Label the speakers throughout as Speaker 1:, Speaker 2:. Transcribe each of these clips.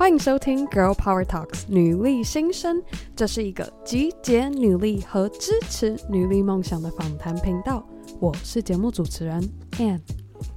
Speaker 1: 歡迎收聽《Girl Power Talks》女力新生，這是一個集結女力和支持女力夢想的訪談頻道。我是節目主持人 Ann。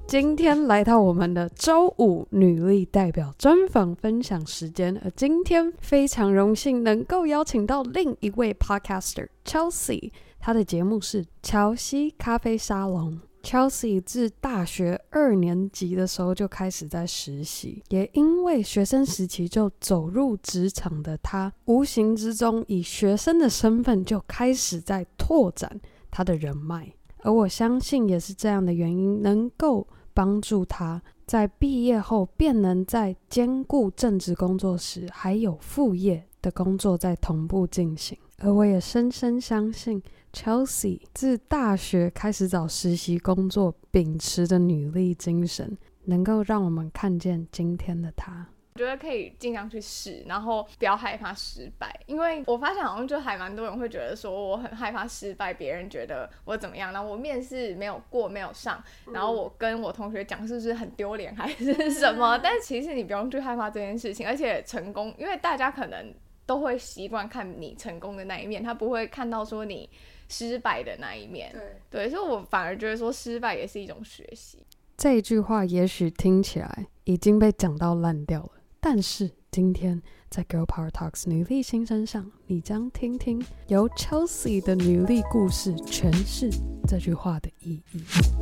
Speaker 1: 今天來到我們的周五女力代表專訪分享時間，而今天非常榮幸能夠邀請到另一位 Podcaster Chelsea，她的節目是《喬西咖啡沙龍》。Chelsea 自大學二年級的時候就開始在實習，也因為學生時期就走入職場的她，無形之中以學生的身份就開始在拓展她的人脈。而我相信，也是這樣的原因，能夠幫助她在畢業後便能在兼顧正職工作時，還有副業的工作在同步進行。而我也深深相信，Chelsea 自大學開始找實習工作，秉持着努力精神，能夠讓我們看見今天的她。
Speaker 2: 我覺得可以盡量去試，然後不要害怕失敗，因為我發現好像就還蠻多人會覺得說我很害怕失敗，別人覺得我怎麼樣，然後我面試沒有過，沒有上，然後我跟我同學講是不是很丟臉還是什麼？ 但其實你不用去害怕這件事情，而且成功，因為大家可能。都會習慣看你成功的那一面，他不會看到說你失敗的那一面。對對，所以我反而覺得說失敗也是一種學習。
Speaker 1: 這一句話也許聽起來已經被講到爛掉了，但是今天在 Girl Power Talks 女力新星身上，你將聽聽由 Chelsea 的女力故事詮釋這句話的意義。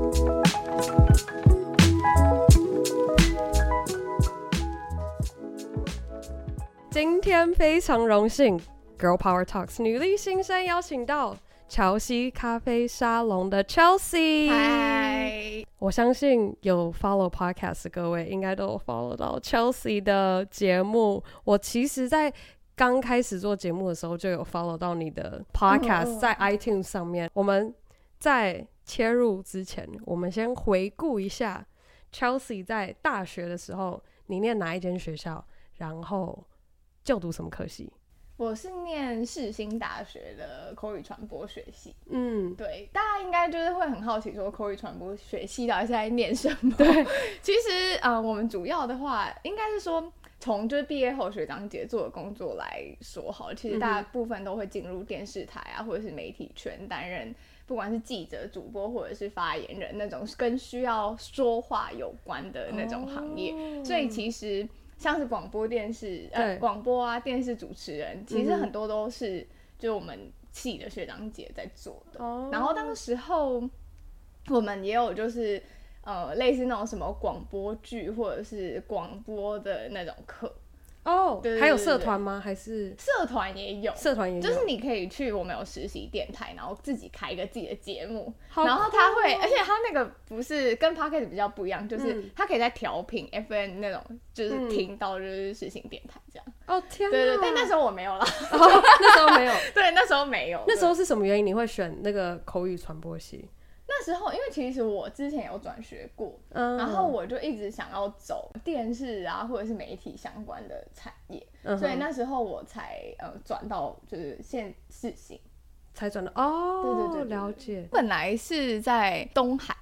Speaker 1: 今天非常榮幸，Girl Power Talks 女力新生邀請到喬西咖啡沙龍的 Chelsea。嗨！我相信有 follow podcast 各位應該都有 follow 到 Chelsea 的節目。我其實，在剛開始做節目的時候就有 follow 到你的 podcast，在 iTunes 上面。Oh. 我們在切入之前，我們先回顧一下 Chelsea 在大學的時候，你念哪一間學校？然後就讀什麼科系？
Speaker 2: 我是念世新大學的口語傳播學系。嗯，對，大家應該就是會很好奇，說口語傳播學系到底是在念什麼？嗯、對，其實啊、呃，我們主要的話，應該是說從就是畢業後學長姐做的工作來說，好，其實大部分都會進入電視台啊，嗯、或者是媒體圈擔任，不管是記者、主播或者是發言人那種跟需要說話有關的那種行業，哦、所以其實。像是廣播電視，呃，廣播啊，電視主持人，其實很多都是就我們系的學長姐在做的。嗯、然後當時候，我們也有就是呃，類似那種什麼廣播劇或者是廣播的那種課。哦、oh，還有社團嗎？還是社團也有，社團也有，就是你可以去，我們有實習電台，然後自己開一個自己的節目，哦，然後他會，而且他那個不是跟 podcast 比較不一樣，就是他可以在調頻 FM 那種，嗯，就是聽到就是實習電台這樣。哦天、啊，對，對對，但那時候我沒有啦，oh, 那時候沒有， 對，那時候沒有，那時候
Speaker 1: 是什麼原因？對你會選那個口語傳播系？
Speaker 2: 那時候，因為其實我之前有轉學過，uh -huh. 然後我就一直想要走電視啊，或者是媒體相關的產業，uh -huh. 所以那時候我才呃轉到就是世新系，才轉到哦，對對對，了解。本來是在東海，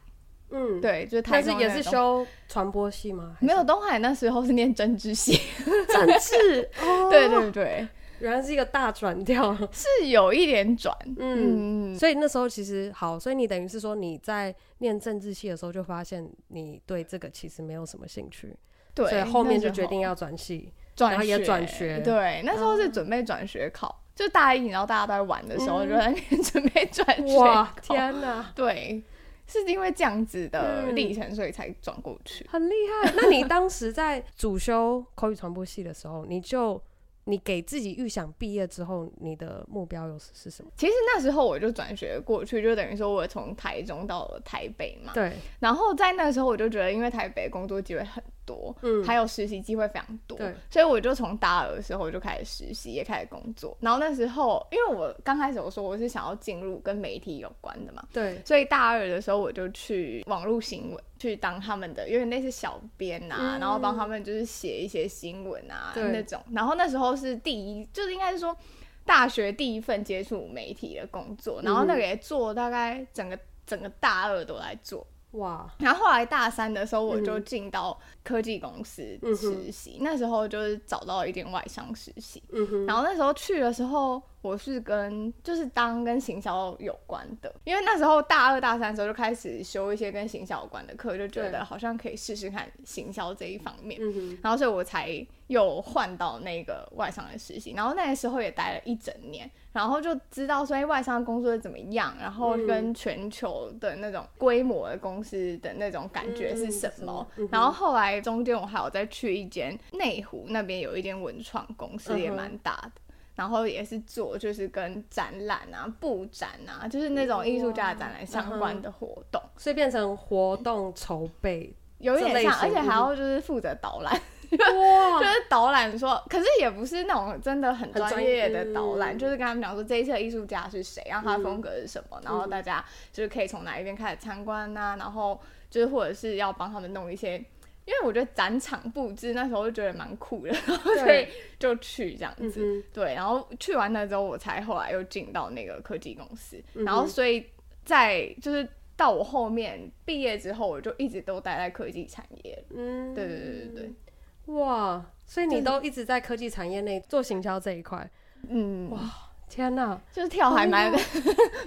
Speaker 2: 嗯，對，就是他是也是修
Speaker 1: 傳播系嗎？
Speaker 2: 沒有，東海那時候是念政治系，
Speaker 1: 政治、 哦，對對對,對。原來是一個大轉調，是有一點轉，嗯，嗯，所以那時候其實好，所以你等於是說你在念政治系的時候就發現你對這個其實沒有什麼興趣，對，所以後面就決定要轉系，然後也轉學，學，學，對，
Speaker 2: 那時候是準備轉學考，嗯，就大一，然後大家都在玩的時候，就在準備轉學考，嗯，哇，天哪、啊，對，是因為這樣子的歷程，嗯，所以才轉過去，很厲害。 那你當時在主修
Speaker 1: 口語傳播系的時候，你就。你給自己預想畢業之後，你的目標又是什麼？
Speaker 2: 其實那時候我就轉學過去，就等於說我從台中到了台北嘛。對。然後在那個時候，我就覺得，因為台北工作機會很。多，嗯，還有實習機會非常多，對，所以我就從大二的時候就開始實習，也開始工作。然後那時候，因為我剛開始我說我是想要進入跟媒體有關的嘛，對，所以大二的時候我就去網絡新聞去當他們的，因為那是小編啊、嗯，然後幫他們就是寫一些新聞啊那種。然後那時候是第一，就是應該是說大學第一份接觸媒體的工作。然後那個也做大概整個、嗯、整個大二都來做。哇，然後後來大三的時候，我就進到科技公司實習，嗯，那時候就是找到一點外商實習，嗯，然後那時候去的時候。我是跟就是當跟行銷有關的，因為那時候大二大三的時候就開始修一些跟行銷有關的課，就覺得好像可以試試看行銷這一方面，然後所以我才又換到那個外商的實習、嗯，然後那時候也待了一整年，然後就知道說、欸、外商的工作怎麼樣，然後跟全球的那種規模的公司的那種感覺是什麼，嗯、然後後來中間我還有再去一間內湖那邊有一間文創公司、嗯、也蠻大的。然後也是做，就是跟展覽啊、布展啊，就是那種藝術家的展覽相關的活動，所以變成
Speaker 1: 活動籌備，有一點像，而且還要就
Speaker 2: 是負責導覽，哇， 就是導覽說，可是也不是那種真的很專業的導覽，就是跟他們講說這一次的藝術家是誰，然後他的風格是什麼，嗯、然後大家就是可以從哪一邊開始參觀吶、啊嗯，然後就是或者是要幫他們弄一些。因為我覺得展場佈置那時候就覺得蠻酷的，然後所以就去這樣子、嗯，對。然後去完了之後，我才後來又進到那個科技公司、嗯，然後所以在就是到我後面畢業之後，我就一直都待在科技產業。嗯，對對對對對。哇，
Speaker 1: 所以你都一直在科技產業內做行銷這一塊、就是。嗯，哇。天吶、啊，就
Speaker 2: 是跳還蠻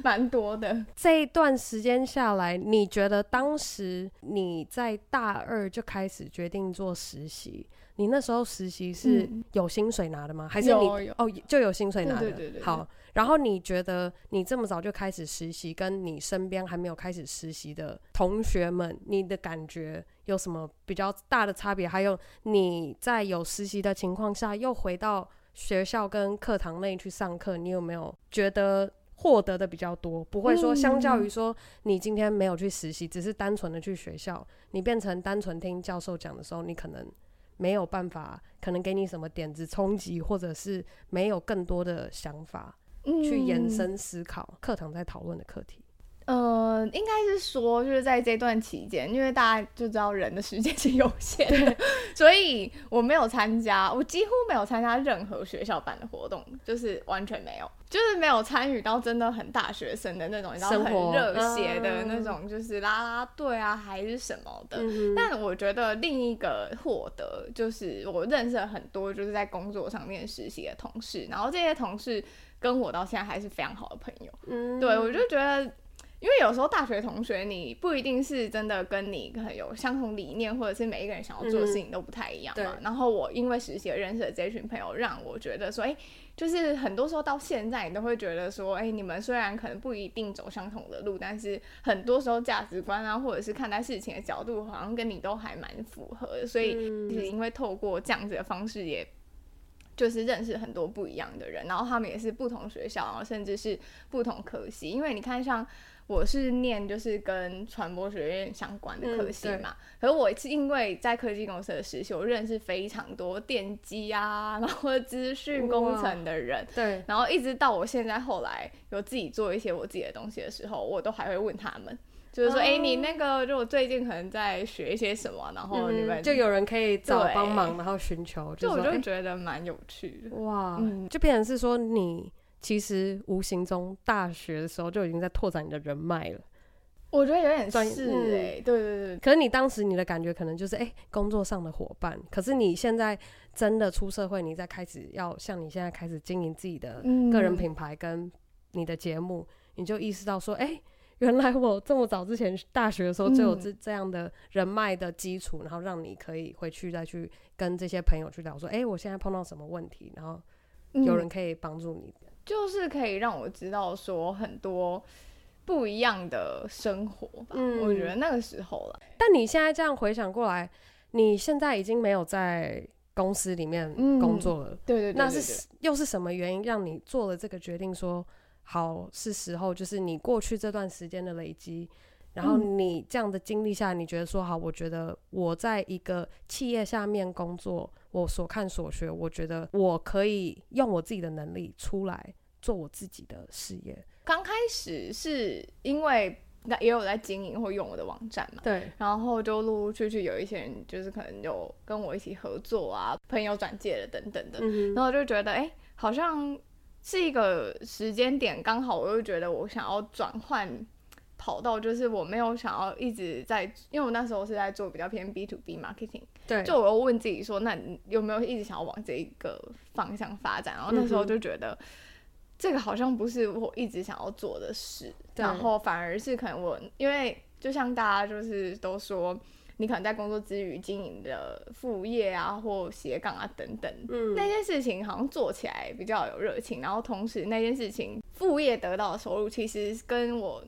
Speaker 2: 蠻、哦、多的。
Speaker 1: 這一段時間下來，你覺得當時你在大二就開始決定做實習，你那時候實習是有薪水拿的嗎？嗯、還是你哦就有薪水拿的？對對，對對對。好，然後你覺得你這麼早就開始實習，跟你身邊還沒有開始實習的同學們，你的感覺有什麼比較大的差別？還有你在有實習的情況下，又回到。學校跟課堂內去上課，你有沒有覺得獲得的比較多？不會說，相較於說你今天沒有去實習，嗯，只是單純的去學校，你變成單純聽教授講的時候，你可能沒有辦法，可能給你什麼點子衝擊，或者是沒有更多的想法，
Speaker 2: 嗯，去延伸
Speaker 1: 思考課堂在討論的課題。
Speaker 2: 呃，應該是說，就是在這段期間，因為大家就知道人的時間是有限的， 所以我沒有參加，我幾乎沒有參加任何學校辦的活動，就是完全沒有，就是沒有參與到真的很大學生的那種生活，你知道很熱血的那種，就是啦啦隊啊還是什麼的，嗯。但我覺得另一個獲得就是我認識了很多就是在工作上面實習的同事，然後這些同事跟我到現在還是非常好的朋友。嗯，對，我就覺得。因為有時候大學同學，你不一定是真的跟你可能有相同理念，或者是每一個人想要做的事情、嗯、都不太一樣嘛。然後我因為實習認識的這群朋友，讓我覺得說，誒、欸，就是很多時候到現在，你都會覺得說，誒、欸，你們雖然可能不一定走相同的路，但是很多時候價值觀啊，或者是看待事情的角度，好像跟你都還蠻符合。所以，就是因為透過這樣子的方式，也就是認識很多不一樣的人，然後他們也是不同學校，然後甚至是不同科系，因為你看像。我是念就是跟傳播學院相關的科系嘛，嗯、可是我是因為在科技公司的實習，我認識非常多電機呀、啊，然後資訊工程的人，對，然後一直到我現在後來有自己做一些我自己的東西的時候，我都還會問他們，嗯、就是說，哎、欸，你那個就我最近可能在學一些什麼，然後你們、嗯、就有人可以找幫忙，然
Speaker 1: 後尋求，就、欸、我就覺
Speaker 2: 得蠻有趣的哇、嗯，
Speaker 1: 就變成是說你。其實無形中，大學的時候就已經在拓展你的人脈了。
Speaker 2: 我覺得有點是哎、欸，對對
Speaker 1: 對、對。可是你當時你的感覺可能就是哎、欸，工作上的夥伴。可是你現在真的出社會，你再開始要像你現在開始經營自己的個人品牌跟你的節目，你就意識到說，哎，原來我這麼早之前大學的時候就有這這樣的人脈的基礎，然後讓你可以回去再去跟這些朋友去聊，說，哎，我現在碰到什麼問題，然後有人可以幫助你、嗯。嗯
Speaker 2: 就是可以讓我知道說很多不一樣的生活吧，嗯、我覺得那
Speaker 1: 個時候了。但你現在這樣回想過來，你現在已經沒有在公司裡面工作了，嗯、對、對對對，那是又是什麼原因讓你做了這個決定說，說好是時候，就是你過去這段時間的累積。然後你這樣的經歷下、嗯、你覺得說，好，我覺得我在一個企業下面工作，我所看所學，我覺得我可以用我自己的能力出來做我自己的事業。
Speaker 2: 剛開始是因為也有在經營或用我的網站嘛，對。然後就陸陸續續續有一些人，就是可能有跟我一起合作啊，朋友轉介的等等的、嗯。然後就覺得哎，好像是一個時間點，剛好我就覺得我想要轉換。跑道，就是我沒有想要一直在，因為我那時候是在做比較偏 B to B marketing，對，就我又問自己說，那你有沒有一直想要往這一個方向發展？然後那時候就覺得嗯嗯這個好像不是我一直想要做的事，然後反而是可能我因為就像大家就是都說，你可能在工作之餘經營的副業啊或斜槓啊等等，嗯，那件事情好像做起來比較有熱情，然後同時那件事情副業得到的收入其實跟我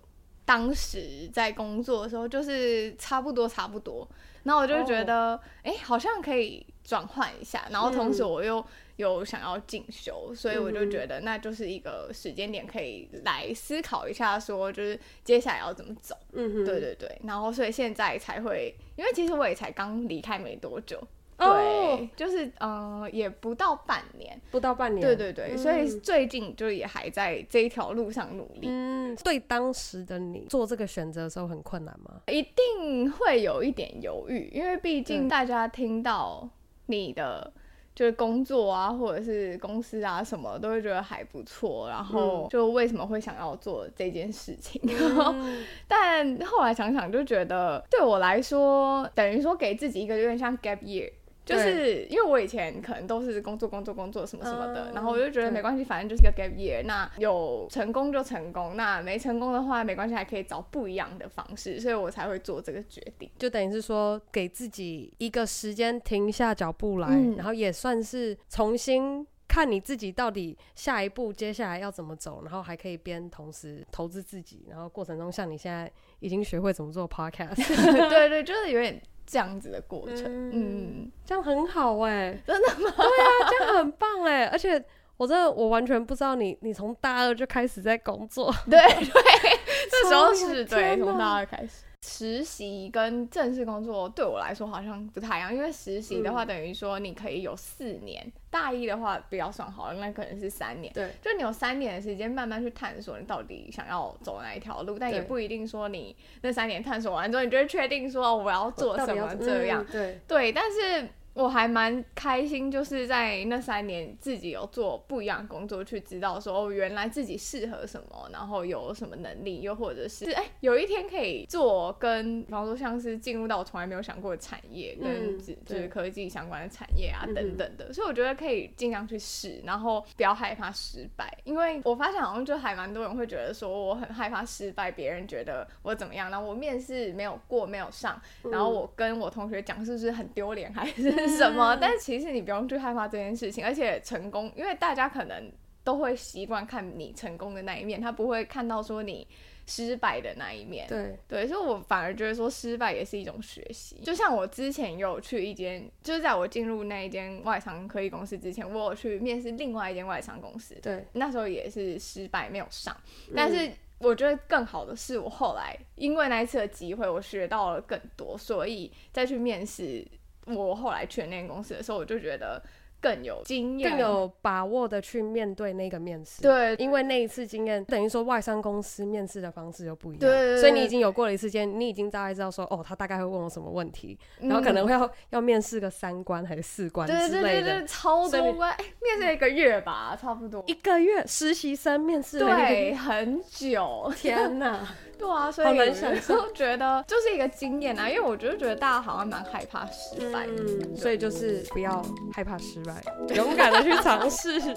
Speaker 2: 當時在工作的時候，就是差不多差不多，那我就覺得，哎、oh. 欸，好像可以轉換一下，然後同時我又有、mm. 想要進修，所以我就覺得那就是一個時間點，可以來思考一下，說就是接下來要怎麼走。Mm-hmm. 對對對，然後所以現在才會，因為其實我也才剛離開沒多久。對，oh, 就是嗯，uh, 也不到半年，不到半年，對對對，嗯、所以最近就也還在這一條路上努力。嗯，
Speaker 1: 對，當時的你做這個選擇的時候很困難嗎？
Speaker 2: 一定會有一點猶豫，因為畢竟大家聽到你的、嗯、就是工作啊，或者是公司啊什麼，都會覺得還不錯，然後就為什麼會想要做這件事情？嗯、 但後來想想就覺得，對我來說等於說給自己一個有點像 gap year。就是因為我以前可能都是工作工作工作什麼什麼的，嗯、然後我就覺得沒關係，反正就是一個 gap year，那有成功就成功，那沒成功的話沒關係，還可以找不一樣的方式，所以我才會做這個決定。
Speaker 1: 就等於是說給自己一個時間停下腳步來、嗯，然後也算是重新看你自己到底下一步接下來要怎麼走，然後還可以邊同時投資自己，然後過程中像你現在已經學會怎麼做 podcast， 對，對
Speaker 2: 對，就是有點。這樣子的過程，嗯，嗯，
Speaker 1: 這樣很好哎，欸，真的嗎？對啊，這樣很棒哎，欸， 而且我真的我完全不知道你，你從大二就開
Speaker 2: 始在工作，對 對， 這時候是對，從大二開始。 實習跟正式工作對我來說好像不太一樣，因為實習的話等於說你可以有四年，嗯、大一的話比較算好，那可能是三年，對，就你有三年的時間慢慢去探索你到底想要走哪一條路，但也不一定說你那三年探索完之後你就是確定說我要做什麼這樣，嗯、對，對，但是。我還蠻開心，就是在那三年自己有做不一樣的工作，去知道說哦，原來自己適合什麼，然後有什麼能力，又或者是哎、欸，有一天可以做跟，比方說像是進入到我從來沒有想過的產業，嗯、跟就是科技相關的產業啊、嗯、等等的，所以我覺得可以盡量去試，然後不要害怕失敗，因為我發現好像就還蠻多人會覺得說我很害怕失敗，別人覺得我怎麼樣，然後我面試沒有過，沒有上，然後我跟我同學講是不是很丟臉，還是、嗯。是什麼？但其實你不用去害怕這件事情，而且成功，因為大家可能都會習慣看你成功的那一面，他不會看到說你失敗的那一面。對對，所以我反而覺得說失敗也是一種學習。就像我之前有去一間，就是在我進入那一間外商科技公司之前，我有去面試另外一間外商公司。對，那時候也是失敗沒有上，但是我覺得更好的是我後來因為那一次的機會，我學到了更多，所以再去面試。我後來去那個公司的時候，我就覺得，更有經驗、更有
Speaker 1: 把握的去面對那個面試。對，因為那一次經驗等於說，外商公司面試的方式又不一樣，對，對，對，所以你已經有過了一次經驗，你已經大概知道說，哦，他大概會問我什麼問題，然後可能會要、嗯、要面試個三關還是四關之類的對、對、對、對所以超多關，欸、
Speaker 2: 面試一個月吧，嗯、差不多一個月實習生面試對很久，天哪、啊， 對啊，所以好人生都覺得就是一個經驗啊，因為我就覺得大家好像蠻害怕失敗的、嗯，所以就是不要害怕失敗。嗯嗯勇敢
Speaker 1: 的去嘗試。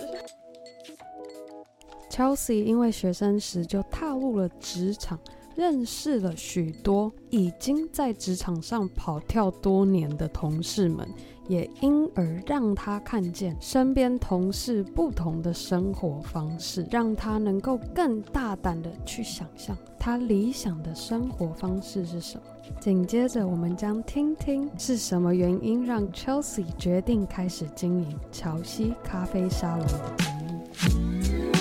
Speaker 1: Chelsea 因為學生時就踏入了職場，認識了許多已經在職場上跑跳多年的同事們，也因而讓他看見身邊同事不同的生活方式，讓他能夠更大膽的去想象他理想的生活方式是什麼。緊接着，我們將聽聽是什麼原因讓 Chelsea 決定開始經營喬西咖啡沙龍的原因。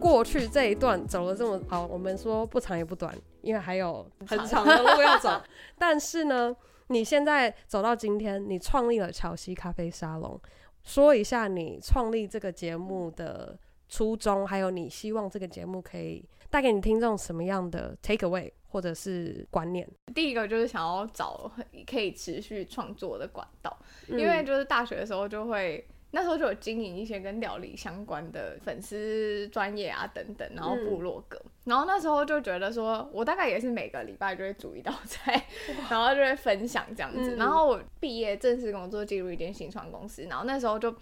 Speaker 1: 過去這一段走了這麼好，我們說不長也不短，因為還有很長的路要走。但是呢，你現在走到今天，你創立了喬西咖啡沙龍，說一下你創立這個節目的初衷，還有你希望這個節目可以帶給你聽眾什麼樣的 take away 或者是觀念？
Speaker 2: 第一個就是想要找可以持續創作的管道，嗯，因為就是大學的時候就會，那時候就有經營一些跟料理相關的粉絲專業啊等等，然後部落格，嗯，然後那時候就覺得說，我大概也是每個禮拜就會煮一道菜，然後就會分享這樣子，嗯、然後我畢業正式工作進入一間新創公司，然後那時候就。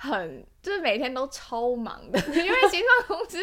Speaker 2: 很，就是每天都超忙的， 因為新創公司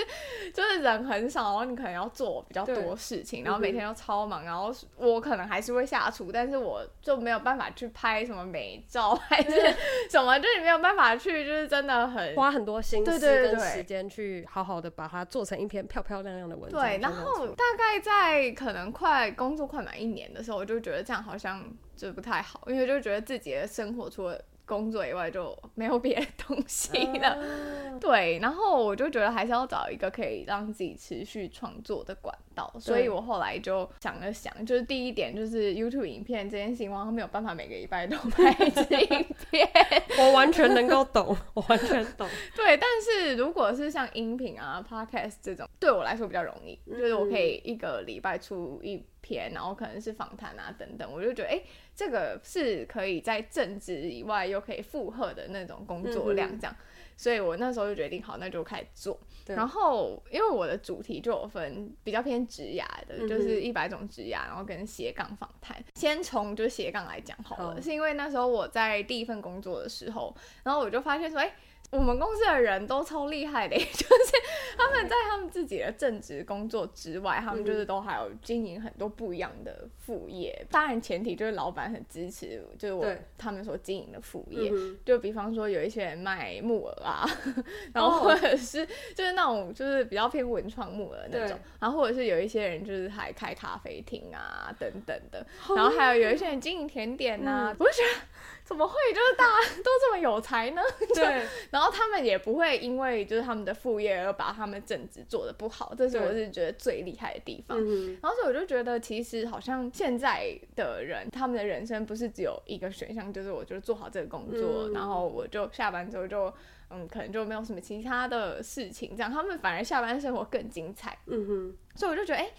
Speaker 2: 就是人很少，然後你可能要做比較多事情，然後每天都超忙， 然後我可能還是會下廚， 但是我就沒有辦法去拍什麼美照 還是什麼，就是沒有辦法去，就是真的很花很多心思跟時間
Speaker 1: 去好好的把它做成一篇漂漂亮亮的文章。對，然後
Speaker 2: 大概在可能快工作快滿一年的時候，我就覺得這樣好像就不太好，因為就覺得自己的生活出了工作以外就沒有別的東西了，oh. 對。然後我就覺得還是要找一個可以讓自己持續創作的管道，oh. 所以我後來就想了想，就是第一點就是 YouTube 影片這件事情，然後沒有辦法每個禮拜都拍一集影片。 我
Speaker 1: 完全能夠懂， 我完全
Speaker 2: 懂。 對，但是如果是像音頻啊、Podcast 這種，對我來說比較容易，就是我可以一個禮拜出一。Mm -hmm. 然後可能是訪談啊等等，我就覺得誒，這個是可以在正職以外又可以負荷的那種工作量，這樣、嗯，所以我那時候就決定好，那就開始做。然後因為我的主題就有分比較偏職涯的，就是一百種職涯，然後跟斜槓訪談、嗯。先從就斜槓來講好了好，是因為那時候我在第一份工作的時候，然後我就發現說，誒。我們公司的人都超厲害的，就是他們在他們自己的正職工作之外，okay. 他們就是都還有經營很多不一樣的副業。嗯、當然前提就是老闆很支持，就是我他們所經營的副業。就比方說有一些人賣木耳啊、嗯，然後或者是就是那種就是比較偏文創木耳那種，然後或者是有一些人就是還開咖啡廳啊等等的，然後還有有一些人經營甜點吶、啊嗯，不是。怎麼會？就是大家都這麼有才呢？對， 然後他們也不會因為就是他們的副業而把他們正職做得不好，這是我是覺得最厲害的地方。嗯，然後所以我就覺得其實好像現在的人，他們的人生不是只有一個選項，就是我就做好這個工作，嗯、然後我就下班之後就嗯，可能就沒有什麼其他的事情，這樣他們反而下班生活更精彩。嗯哼，所以我就覺得哎。欸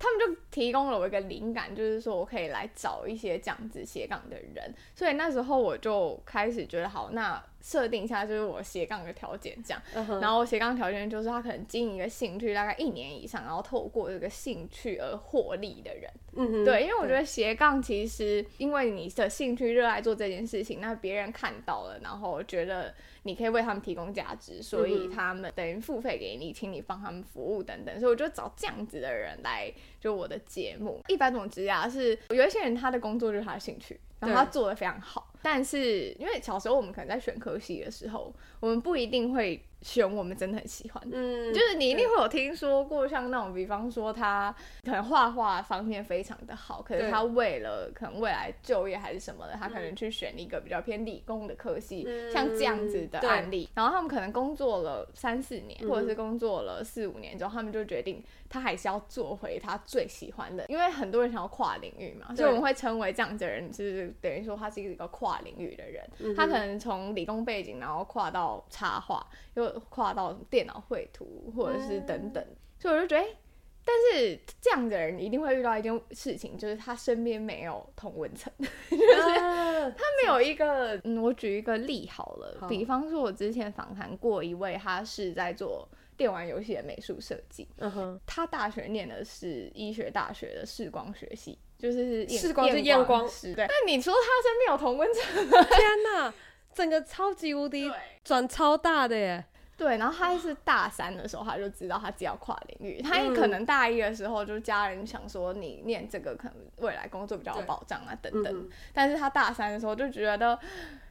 Speaker 2: 他們就提供了我一個靈感，就是說我可以來找一些這樣子斜槓的人，所以那時候我就開始覺得好，那。設定一下就是我斜槓的條件，這樣。Uh -huh. 然後斜槓條件就是他可能經營一個興趣大概一年以上，然後透過這個興趣而獲利的人。嗯嗯。對，因為我覺得斜槓其實，因為你的興趣熱愛做這件事情，那別人看到了，然後覺得你可以為他們提供價值，mm -hmm. 所以他們等於付費給你，請你幫他們服務等等。所以我就找這樣子的人來就我的節目。一般總直啊，是，有一些人他的工作就是他的興趣，然後他做得非常好。但是，因為小時候我們可能在選科系的時候，我們不一定會。選我們真的很喜歡的，嗯，就是你一定會有聽說過像那種，比方說他可能畫畫方面非常的好，可是他為了可能未來就業還是什麼的，他可能去選一個比較偏理工的科系，嗯、像這樣子的案例、嗯。然後他們可能工作了三四年、嗯，或者是工作了四五年之後，他們就決定他還是要做回他最喜歡的，因為很多人想要跨領域嘛，所以我們會稱為這樣子的人，就是等於說他是一個跨領域的人，嗯、他可能從理工背景然後跨到插畫，跨到電腦繪圖或者是等等、嗯，所以我就覺得，但是這樣的人你一定會遇到一件事情，就是他身邊沒有同溫層，啊、 就是他沒有一個嗯,嗯，我舉一個例好了，哦、比方說，我之前訪談過一位，他是在做電玩遊戲的美術設計，嗯哼，他大學念的是醫學大學的視光學系，就是視光是驗光師，對。但你說他身邊有同溫層？天哪、啊， 整個超級無敵轉超大的耶！對，然後他是大三的時候，他就知道他只要跨領域。他可能大一的時候，就家人想說你念這個可能未來工作比較有保障啊等等、嗯。但是他大三的時候就覺得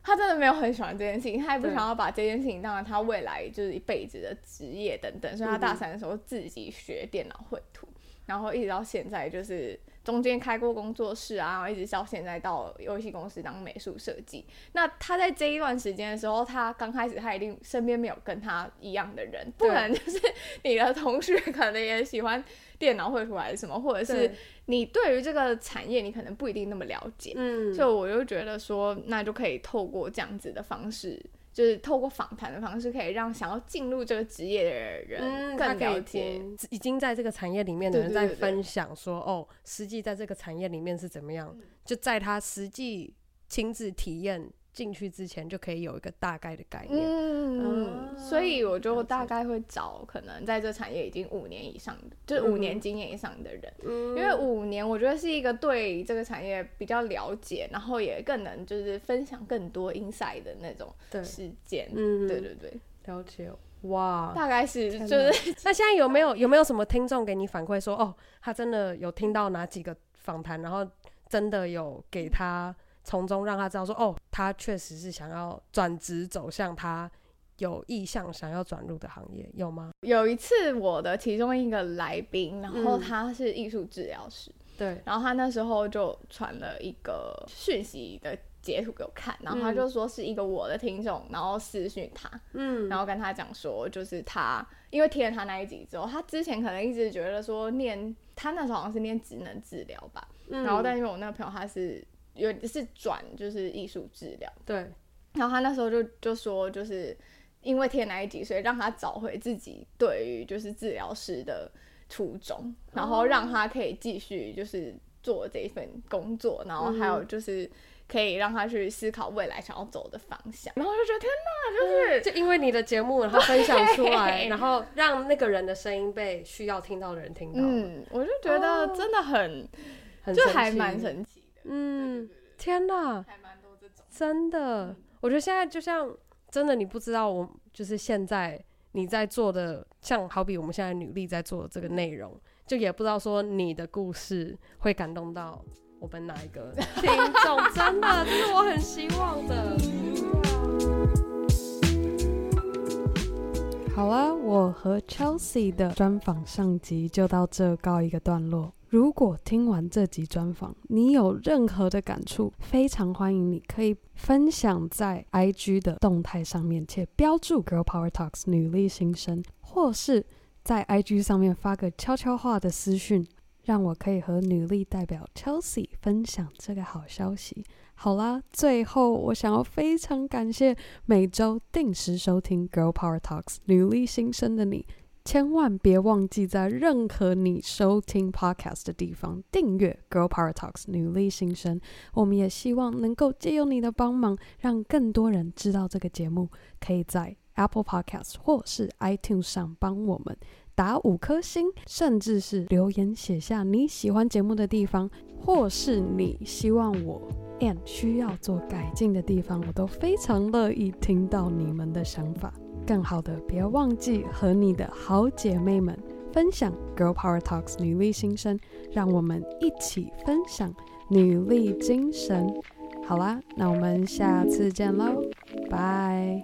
Speaker 2: 他真的沒有很喜歡這件事情，他也不想要把這件事情當成他未來就是一輩子的職業等等。所以，他大三的時候自己學電腦繪圖、嗯，然後一直到現在就是。中間開過工作室啊，然後一直到現在到遊戲公司當美術設計。那他在這一段時間的時候，他剛開始他一定身邊沒有跟他一樣的人，不然就是你的同學可能也喜歡電腦繪圖還是什麼，或者是你對於這個產業你可能不一定那麼了解。嗯，所以我就覺得說，那就可以透過這樣子的方式。就是透過訪談的方式，可以讓想要進入這個職業的人更了解、嗯，
Speaker 1: 已經在這個產業裡面的人在分享說：“對對對對，哦，實際在這個產業裡面是怎麼樣，嗯、就在他實際親自體驗。”進去之前就可以有一個大概的概念，
Speaker 2: 嗯，嗯，嗯，所以我就大概會找可能在這產業已經五年以上，嗯，就是五年經驗以上的人，嗯，因為五年我覺得是一個對這個產業比較了解，然後也更能就是分享更多 inside 的那種事件，嗯，對對對，
Speaker 1: 了解哇，大概是就是 那現在有沒有有沒有什麼聽眾給你反饋說哦，他真的有聽到哪幾個訪談，然後真的有給他。從中讓他知道說哦，他確實是想要轉職走向他有意向想要轉入的行業，有嗎？
Speaker 2: 有一次，我的其中一個來賓，然後他是藝術治療師，對、嗯，然後他那時候就傳了一個訊息的截圖給我看，然後他就說是一個我的聽眾、嗯，然後私訊他，嗯，然後跟他講說，就是他因為聽了他那一集之後，他之前可能一直覺得說念他那時候好像是念職能治療吧、嗯，然後，但是因為我那個朋友他是。有是轉就是藝術治療，對。然後他那時候就就說，就是因為天哪，那一集，所以讓他找回自己對於就是治療師的初衷、嗯，然後讓他可以繼續就是做這一份工作，然後還有就是可以讓他去思考未來想要走的方向。嗯、然後我就
Speaker 1: 覺得天哪，就是、嗯、就因為你的節目，然後分享出來，然後讓那個人的聲音被需要聽到的人聽到。嗯，
Speaker 2: 我就覺得真的很
Speaker 1: ，oh, 就還蠻神奇。神
Speaker 2: 奇嗯對對對對，天哪，還
Speaker 1: 蠻多這種，真的，嗯，我覺得現在就像真的，你不知道我就是現在你在做的，像好比我們現在努力在做的這個內容，就也不知道說你的故事會感動到我們哪一個聽眾， 真的，這是我很希望的。 好啊，我和 Chelsea 的專訪上集就到這告一個段落。如果聽完這集專訪，你有任何的感觸，非常歡迎你可以分享在 IG 的動態上面，且標注 Girl Power Talks 女力新生，或是在 IG 上面發個悄悄話的私訊，讓我可以和女力代表 Chelsea 分享這個好消息。好啦，最後我想要非常感謝每周定時收聽 Girl Power Talks 女力新生的你。千萬別忘記在任何你收聽 podcast 的地方訂閱 Girl Power Talks 女力新生。我們也希望能夠借用你的幫忙，讓更多人知道這個節目。可以在 Apple Podcast 或是 iTunes 上幫我們打五顆星，甚至是留言寫下你喜歡節目的地方，或是你希望我 and 需要做改進的地方，我都非常樂意聽到你們的想法。更好的，別忘記和你的好姐妹們分享《Girl Power Talks》女力新生，讓我們一起分享女力精神。好啦，那我們下次見嘍，拜。